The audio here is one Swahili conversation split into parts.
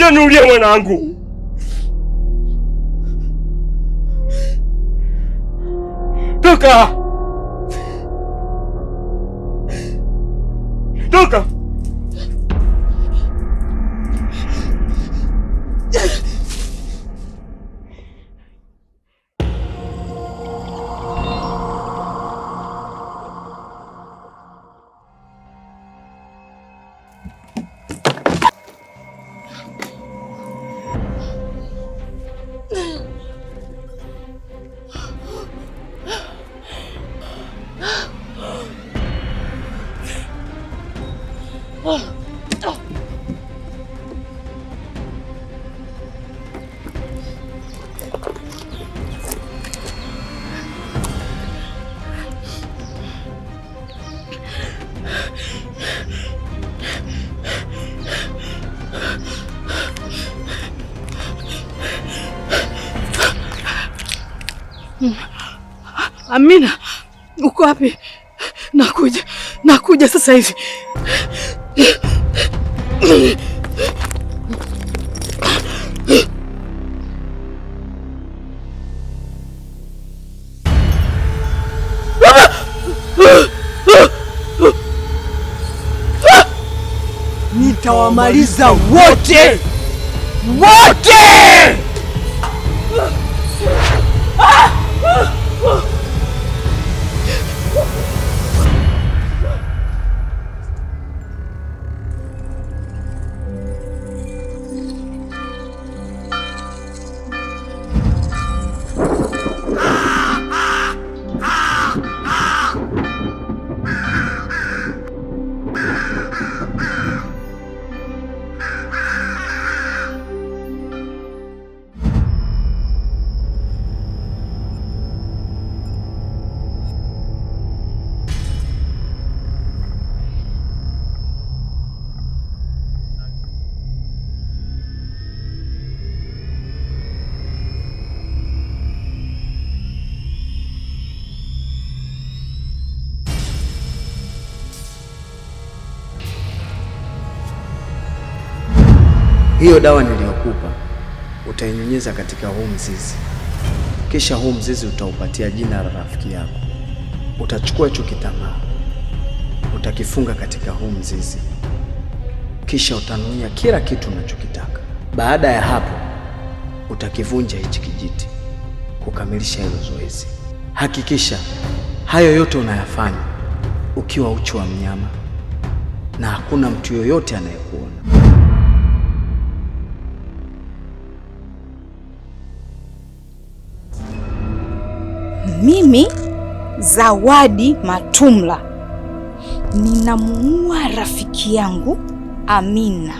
Acheni ulie mwanangu. Toka! Amina, uko wapi? Nakuja, nakuja sasa hivi. Nitawamaliza wote wote. hiyo dawa niliyokupa utainyunyiza katika huu mzizi, kisha huu mzizi utaupatia jina la rafiki yako. Utachukua hicho kitambaa utakifunga katika huu mzizi, kisha utanuia kila kitu unachokitaka. Baada ya hapo, utakivunja hichi kijiti kukamilisha hilo zoezi. Hakikisha hayo yote unayafanya ukiwa uchi wa mnyama na hakuna mtu yoyote anayekuona. mimi Zawadi Matumla ninamuua rafiki yangu Amina,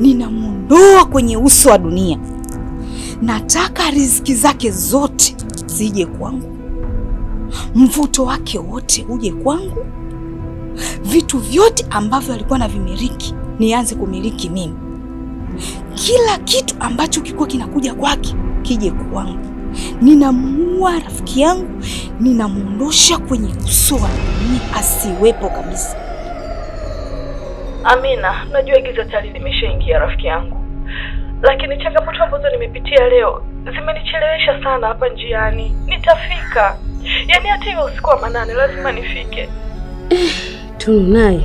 ninamwondoa kwenye uso wa dunia. Nataka riziki zake zote zije kwangu, mvuto wake wote uje kwangu, vitu vyote ambavyo alikuwa na vimiriki nianze kumiliki mimi, kila kitu ambacho kilikuwa kinakuja kwake kije kwangu ninamuua rafiki yangu, ninamwondosha kwenye uso wa dunia asiwepo kabisa. Amina, najua giza tayari limeshaingia rafiki yangu, lakini changamoto ambazo nimepitia leo zimenichelewesha sana hapa njiani. Nitafika yaani hata hiyo usiku wa manane lazima nifike. Eh, Tunu naye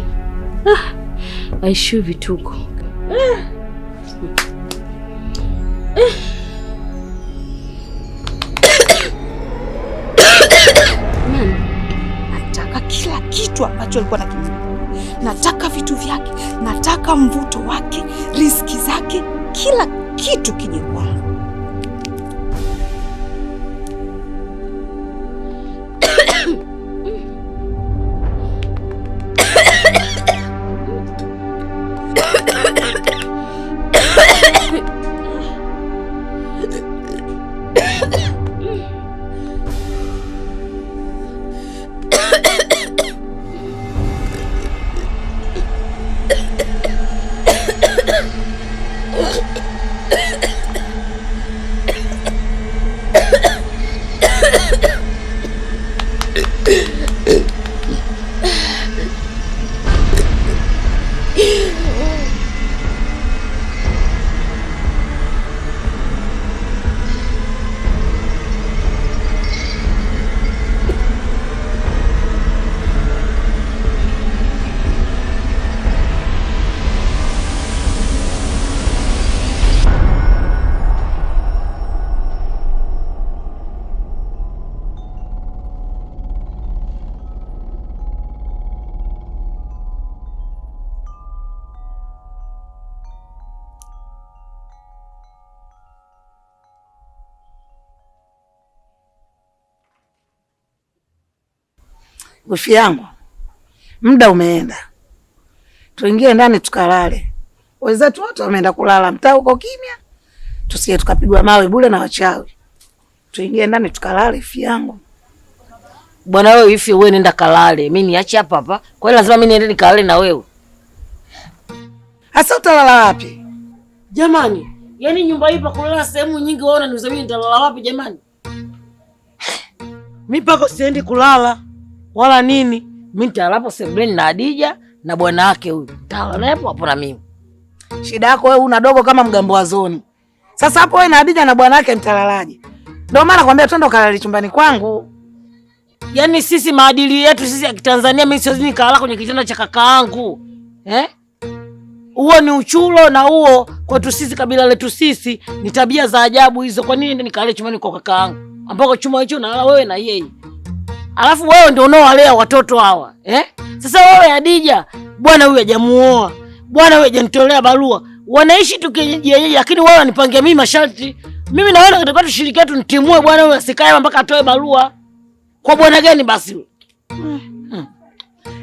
ah, vituko ah. Hmm. eh. Eh. kitu ambacho alikuwa na nakimiliki. Nataka vitu vyake, nataka mvuto wake, riski zake, kila kitu kije kwake. Gofi yangu, muda umeenda, tuingie ndani tukalale. Wenzetu wote wameenda kulala, mtaa uko kimya, tusije tukapigwa mawe bure na wachawi. Tuingie ndani tukalale. Ifi yangu bwana, wewe ifi, wewe nenda kalale, mimi niache hapa hapa. Kwa hiyo lazima mimi niende nikalale na wewe. Hasa utalala wapi jamani? Yaani nyumba hii pa kulala sehemu nyingi, wewe unaniuliza mimi nitalala wapi jamani? Mimi pako siendi kulala wala nini. Mi nitalapo sebuleni na Adija na bwana wake huyu, nitalapo hapo na mimi. Shida yako wewe, una dogo kama mgambo wa zoni. Sasa hapo wewe na Adija na bwana wake mtalalaje? Ndio maana nakwambia twende ukalale chumbani kwangu. Yaani sisi maadili yetu sisi ya Kitanzania, mimi siwezi nikalala kwenye kitanda cha kaka yangu eh? Huo ni uchulo na huo kwetu sisi kabila letu sisi ni tabia za ajabu hizo. Kwa nini niende nikale chumbani kwa kaka yangu ambako chuma hicho nalala wewe na yeye? alafu wewe ndio unaowalea watoto hawa eh? Sasa wewe Adija, bwana huyu hajamuoa bwana huyu hajanitolea barua, wanaishi tu tukijienyeji, lakini wewe unanipangia mimi masharti. Mimi na wewe tunataka tushirikiane, nitimue bwana huyu asikae mpaka atoe barua. Kwa bwana gani basi wewe? hmm. hmm.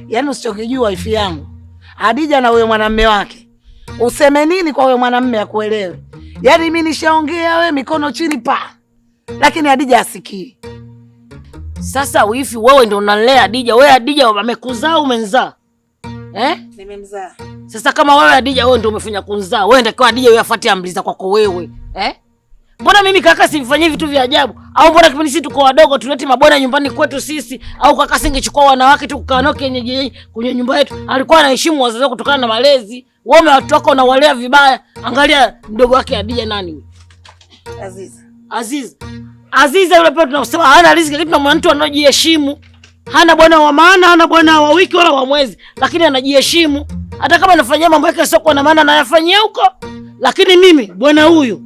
Yaani usichokijua ifi yangu Adija na huyo mwanamume wake, useme nini kwa huyo mwanamume akuelewe? Yaani mimi nishaongea, wewe mikono chini pa, lakini Adija asikii. Sasa wifi, wewe ndio unalea Adija. Wewe Adija amekuzaa umenzaa eh? Nimemzaa. Sasa kama wewe Adija, wewe ndio umefanya kunzaa, wewe ndio Adija, wewe afuate amri za kwako wewe eh? Mbona mimi kaka simfanyii vitu vya ajabu? Au mbona kipindi sisi tuko wadogo tulete mabwana nyumbani kwetu sisi? Au kaka singechukua wanawake tu kukaa nao kwenye kwenye nyumba yetu? Alikuwa anaheshimu wazazi wake kutokana na malezi. Wewe watu wako unawalea vibaya. Angalia mdogo wake Adija nani Aziza. Aziza, Aziza yule pale tunasema hana riziki, lakini tunamwona mtu anajiheshimu. Hana bwana wa maana, hana bwana wa wiki wala wa mwezi, lakini anajiheshimu. Hata kama anafanyia mambo yake sio kwa na maana anayafanyia huko, lakini mimi bwana huyu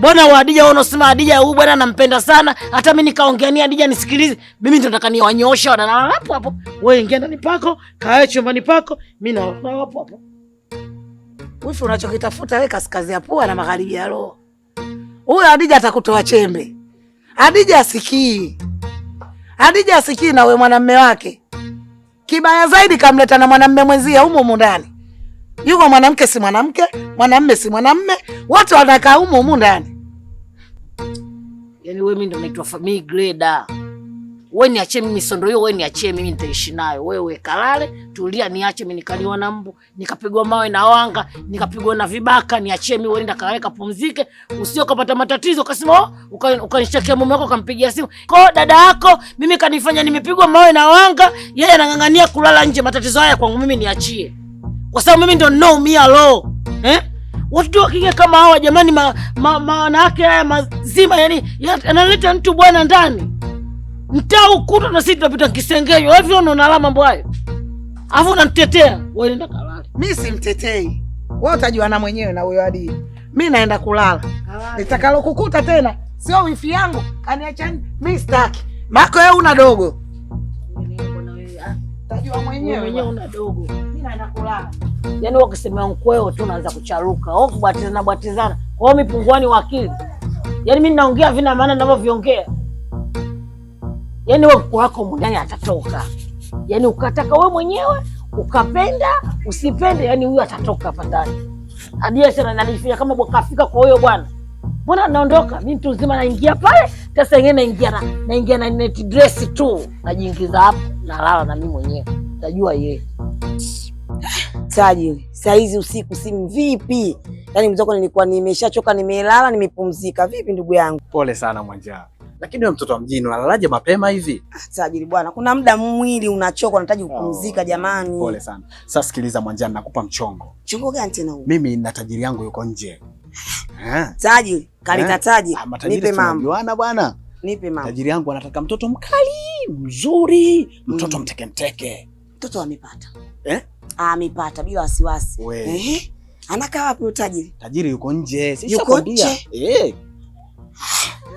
bwana wa Adija, wao unasema Adija huyu bwana nampenda sana. Hata mimi nikaongea ni Adija nisikilize, mimi ndo nataka wana na hapo hapo. Wewe ingia ndani pako, kae chumbani pako, mimi na hapo hapo. Wewe unachokitafuta wewe kaskazi ya pua na magharibi ya roho huyo Adija atakutoa chembe. Adija asikii, Adija asikii na we mwanamme wake. Kibaya zaidi kamleta na mwanamme mwenzia humo humo ndani. Yuko mwanamke si mwanamke, mwanamme si mwanamme, wote wanakaa humo humo ndani. Yaani wewe mimi ndo naitwa family grader wewe niachie mimi sondo hiyo, wewe niachie mimi nitaishi nayo. Wewe kalale, tulia, niache mimi nikaliwa na mbu, nikapigwa mawe na wanga, nikapigwa na vibaka, niachie mimi, wenda kalale kapumzike. Usio kapata matatizo kasema oh, ukanishtakia mume wako kampigia simu. Kwa dada yako mimi kanifanya nimepigwa mawe na wanga, yeye anang'ang'ania kulala nje. Matatizo haya kwangu mimi niachie. Kwa sababu mimi ndio ninaumia leo. Eh? Watoto wa kike kama hawa jamani, ma, ma, ma, wanawake haya mazima yani yanaleta mtu bwana ndani mtaa ukuta na sisi tunapita kisengenyo. Wewe unaona alama mambo hayo, alafu unamtetea wewe, nenda kalale. Mimi simtetei wewe, utajua na mwenyewe na huyo hadi mimi naenda kulala. Nitakalo kukuta tena sio wifi yangu, kaniachani mimi sitaki. Mako wewe una dogo, utajua mwenyewe una dogo. Mimi naenda kulala. Yaani wewe ukisema mkweo tu unaanza kucharuka, wewe kubatizana batizana, wewe mipungwani wa akili. Yaani mimi ninaongea vina maana ninavyoviongea yani wewe mkuu wako mundani atatoka, yani ukataka wewe mwenyewe ukapenda usipende, yani huyu atatoka hapa ndani. Adiesera nalifia kama kafika kwa huyo bwana, mbona naondoka mimi mtu mzima, naingia pale sasa ngine naingia na naingia na net dress tu, najiingiza hapo, nalala na mimi mwenyewe, najua yeye tajiri. Saa hizi usiku simu vipi? Yaani mzoko nilikuwa nimeshachoka, nimelala, nimepumzika. Vipi ndugu yangu, pole sana Mwanjaa. Lakini wewe mtoto wa mjini unalalaje mapema hivi? Ah, tajiri bwana, kuna muda mwili unachoka, unahitaji oh, kupumzika. Oh, jamani, pole sana. Sasa sikiliza Mwanjani, nakupa mchongo. Mchongo gani tena huu? Mimi na tajiri yangu yuko nje. Eh? Tajiri kalita eh? taji, ah, nipe mama bwana, nipe mama. Tajiri yangu anataka mtoto mkali mzuri, mtoto mm, mteke mteke. Mtoto amepata eh? Ah, Amepata bila wasiwasi eh? Anakaa wapi utajiri? Tajiri yuko nje, yuko nje eh.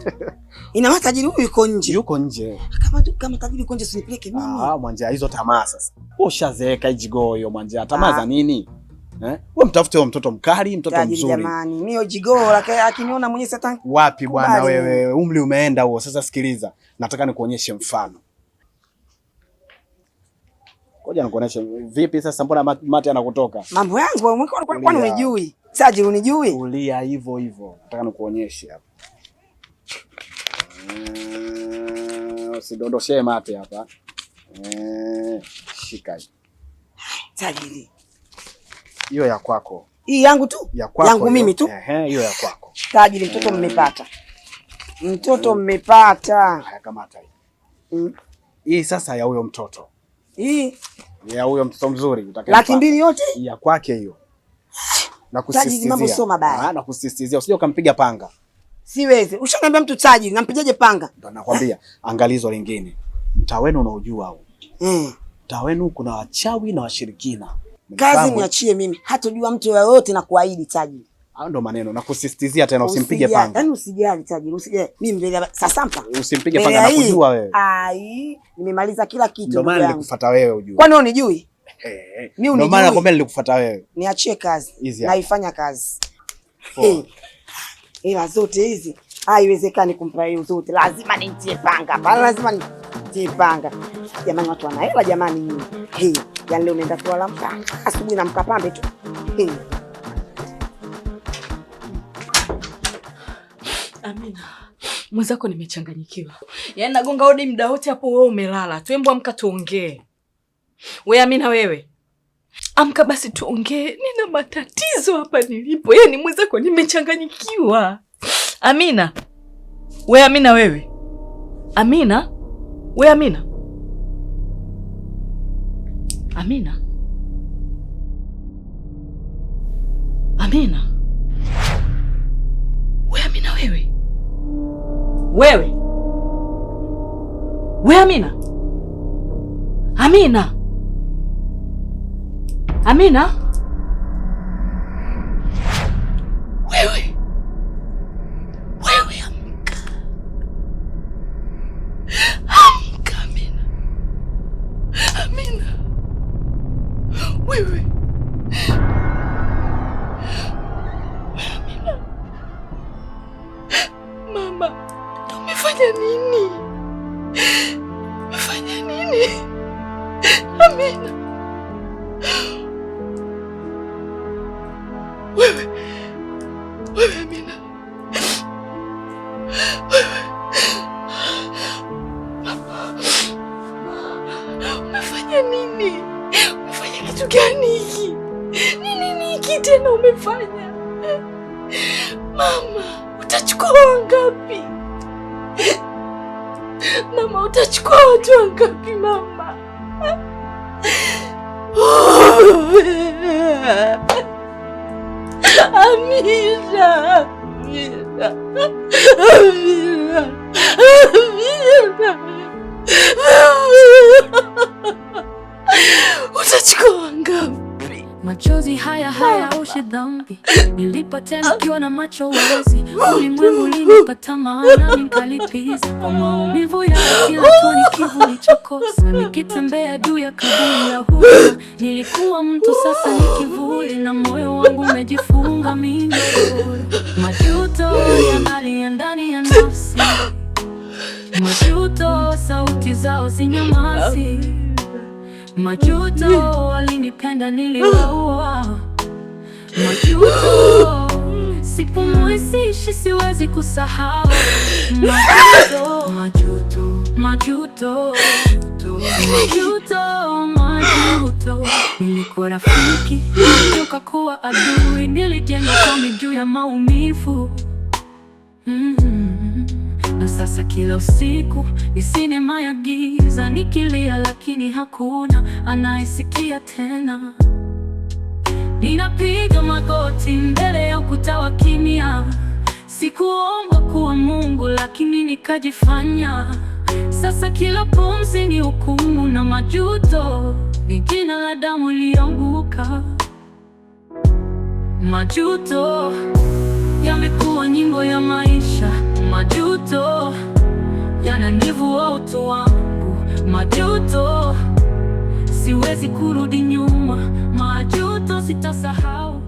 Ina maana tajiri huyu yuko nje. Yuko nje. Kama tu kama tajiri yuko nje usinipeleke mimi. Ah, Mwanja hizo tamaa sasa. Wewe ushazeeka jigoyo Mwanja. Tamaa za ah. nini? Eh? Wewe mtafute mtoto mkali, mtoto mzuri. tajiri Jamani, mimi lakini akiniona mwenye sasa. Wapi bwana wewe? Umri umeenda huo. Sasa sikiliza. Nataka nikuonyeshe mfano. Ngoja nikuoneshe vipi sasa mbona mate anakutoka? Mambo yangu kwani unijui? Sajiri unijui? Ulia hivyo hivyo. Nataka nikuonyeshe hapa. Eh, Usidondoshee mate hapa. Eh, shika tajiri, hiyo ya kwako. Hii yangu tu, ya kwako, yangu mimi tu, hiyo ya kwako. Tajiri mtoto eh. mmepata, mtoto mmepata. Kamata hii hii sasa ya huyo mtoto, hii ya huyo mtoto mzuri, laki mbili yote ya kwake hiyo. Na nakusisitizia ah, usije ukampiga panga. Siwezi. Ushaniambia mtu tajiri, nampijaje panga? Ndio nakwambia, angalizo lingine. Mtaa wenu unaojua huu. Mm. Mtaa wenu kuna wachawi na washirikina. Kazi niachie mimi. Hatojua mtu yoyote na kuahidi tajiri. Hayo ndo maneno na kusisitizia tena usimpige panga. Yaani usijali tajiri, usijali. Mimi mbele ya sasampa. Usimpige panga na kujua wewe. Ai, nimemaliza kila kitu. Ndio maana nilikufuata wewe ujue. Kwani unijui? Eh, eh. Mimi unijui. Ndio maana nakwambia nilikufuata wewe. Niachie kazi. Naifanya kazi. Oh. Hey. Hela zote hizi haiwezekani kumpa hiyo zote, lazima nimtie panga bana, lazima nimtie panga. Jamani, watu wana hela jamani, hey! Yani leo umeenda kuala mkaa asubuhi na mkapambe tu hey. Amina mwenzako, nimechanganyikiwa yani, nagonga hodi muda wote hapo, wewe umelala tu. amka tuongee, we Amina, wewe Amka basi tuongee, nina matatizo hapa nilipo. Yeye ni mwenzako, nimechanganyikiwa. Amina we, Amina wewe, Amina we, Amina Amina Amina we, Amina wewe, wewe we, Amina Amina Amina, wewe wewe, amka, amka Amina, Amina wewe Amina, mama tumefanya nini? Mama, utachukua wangapi? Mama, utachukua watu wangapi mama? Amira, Amira, Amira, Amira, utachukua wangapi? Machozi haya hayaoshi dhambi, tena kiwa na macho wazi. Ulimwengu ulinipata maana, nikalipiza kwa maumivu ya kila tone nilichokosa. Nikitembea juu ya kaburi la huruma, nilikuwa mtu, sasa ni kivuli, na moyo wangu umejifunga minyororo. Majuto yanalia ndani ya nafsi, majuto sauti zao zinyamazi Majuto walinipenda niliwaua. Majuto sipumui, siishi, siwezi kusahau. Majuto, majuto, majuto, majuto, majuto. Nilikuwa rafiki nilitoka kuwa adui, nilijenga komi juu ya maumivu mm -hmm na sasa kila usiku ni sinema ya giza, nikilia lakini hakuna anayesikia tena. Ninapiga magoti mbele ya ukuta wa kimya, sikuomba kuwa Mungu lakini nikajifanya. Sasa kila pumzi ni hukumu na majuto, ni jina la damu ilianguka. Majuto yamekuwa nyimbo ya maisha Majuto yananivua utu wangu, majuto siwezi kurudi nyuma, majuto sitasahau.